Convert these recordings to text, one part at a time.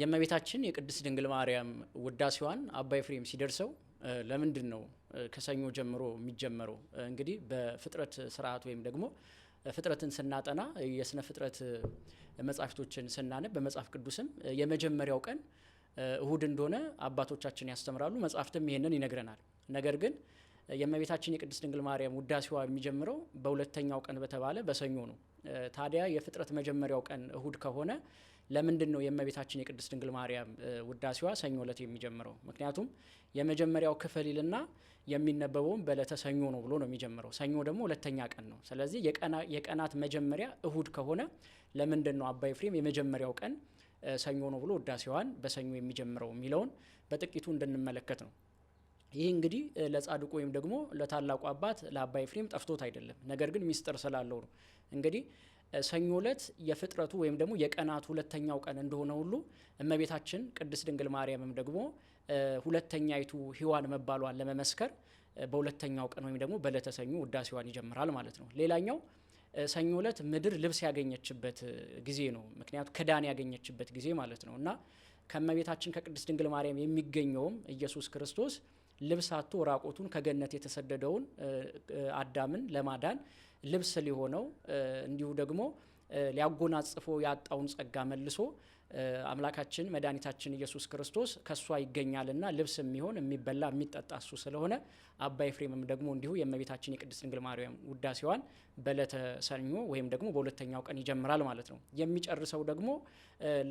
የእመቤታችን የቅድስት ድንግል ማርያም ውዳሴዋን አባይ ፍሬም ሲደርሰው ለምንድን ነው ከሰኞ ጀምሮ የሚጀመረው? እንግዲህ በፍጥረት ስርዓት ወይም ደግሞ ፍጥረትን ስናጠና የስነ ፍጥረት መጻሕፍቶችን ስናነብ በመጽሐፍ ቅዱስም የመጀመሪያው ቀን እሁድ እንደሆነ አባቶቻችን ያስተምራሉ። መጽሐፍትም ይሄንን ይነግረናል። ነገር ግን የእመቤታችን የቅድስት ድንግል ማርያም ውዳሴዋ የሚጀምረው በሁለተኛው ቀን በተባለ በሰኞ ነው። ታዲያ የፍጥረት መጀመሪያው ቀን እሁድ ከሆነ ለምንድን ነው የእመቤታችን የቅድስት ድንግል ማርያም ውዳሴዋ ሰኞ ለት የሚጀምረው? ምክንያቱም የመጀመሪያው ክፍል ይልና የሚነበበውን በለተ ሰኞ ነው ብሎ ነው የሚጀምረው። ሰኞ ደግሞ ሁለተኛ ቀን ነው። ስለዚህ የቀናት መጀመሪያ እሁድ ከሆነ ለምንድን ነው አባይ ፍሬም የመጀመሪያው ቀን ሰኞ ነው ብሎ ውዳሴዋን በሰኞ የሚጀምረው የሚለውን በጥቂቱ እንድንመለከት ነው። ይህ እንግዲህ ለጻድቁ ወይም ደግሞ ለታላቁ አባት ለአባይ ፍሬም ጠፍቶት አይደለም፣ ነገር ግን ሚስጥር ስላለው ነው። እንግዲህ ሰኞ ዕለት የፍጥረቱ ወይም ደግሞ የቀናት ሁለተኛው ቀን እንደሆነ ሁሉ እመቤታችን ቅድስት ድንግል ማርያምም ደግሞ ሁለተኛይቱ ሔዋን መባሏን ለመመስከር በሁለተኛው ቀን ወይም ደግሞ በዕለተ ሰኞ ውዳሴዋን ይጀምራል ማለት ነው። ሌላኛው ሰኞ ዕለት ምድር ልብስ ያገኘችበት ጊዜ ነው። ምክንያቱ ክዳን ያገኘችበት ጊዜ ማለት ነው እና ከእመቤታችን ከቅድስት ድንግል ማርያም የሚገኘውም ኢየሱስ ክርስቶስ ልብስ አቶ ራቆቱን ከገነት የተሰደደውን አዳምን ለማዳን ልብስ ሊሆነው እንዲሁ ደግሞ ሊያጎናጽፎ ያጣውን ጸጋ መልሶ አምላካችን መድኃኒታችን ኢየሱስ ክርስቶስ ከእሷ ይገኛልና ልብስ የሚሆን የሚበላ የሚጠጣ እሱ ስለሆነ አባ ኤፍሬምም ደግሞ እንዲሁ የእመቤታችን የቅድስት ድንግል ማርያም ውዳሴዋን በዕለተ ሰኞ ወይም ደግሞ በሁለተኛው ቀን ይጀምራል ማለት ነው። የሚጨርሰው ደግሞ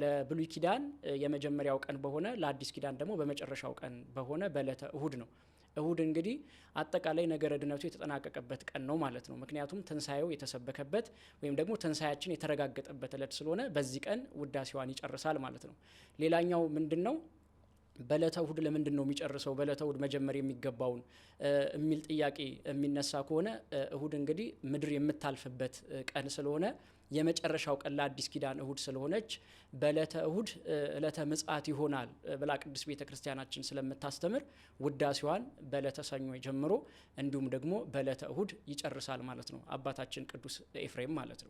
ለብሉይ ኪዳን የመጀመሪያው ቀን በሆነ ለአዲስ ኪዳን ደግሞ በመጨረሻው ቀን በሆነ በዕለተ እሁድ ነው። እሁድ እንግዲህ አጠቃላይ ነገረ ድነቱ የተጠናቀቀበት ቀን ነው ማለት ነው። ምክንያቱም ትንሳኤው የተሰበከበት ወይም ደግሞ ትንሳያችን የተረጋገጠበት ዕለት ስለሆነ በዚህ ቀን ውዳሴዋን ይጨርሳል ማለት ነው። ሌላኛው ምንድን ነው? በዕለተ እሁድ ለምንድን ነው የሚጨርሰው በዕለተ እሁድ መጀመር የሚገባውን የሚል ጥያቄ የሚነሳ ከሆነ እሁድ እንግዲህ ምድር የምታልፍበት ቀን ስለሆነ የመጨረሻው ቀን ለአዲስ ኪዳን እሁድ ስለሆነች በዕለተ እሁድ ዕለተ ምጽአት ይሆናል ብላ ቅዱስ ቤተ ክርስቲያናችን ስለምታስተምር ውዳሴዋን በዕለተ ሰኞ ጀምሮ እንዲሁም ደግሞ በዕለተ እሁድ ይጨርሳል ማለት ነው አባታችን ቅዱስ ኤፍሬም ማለት ነው።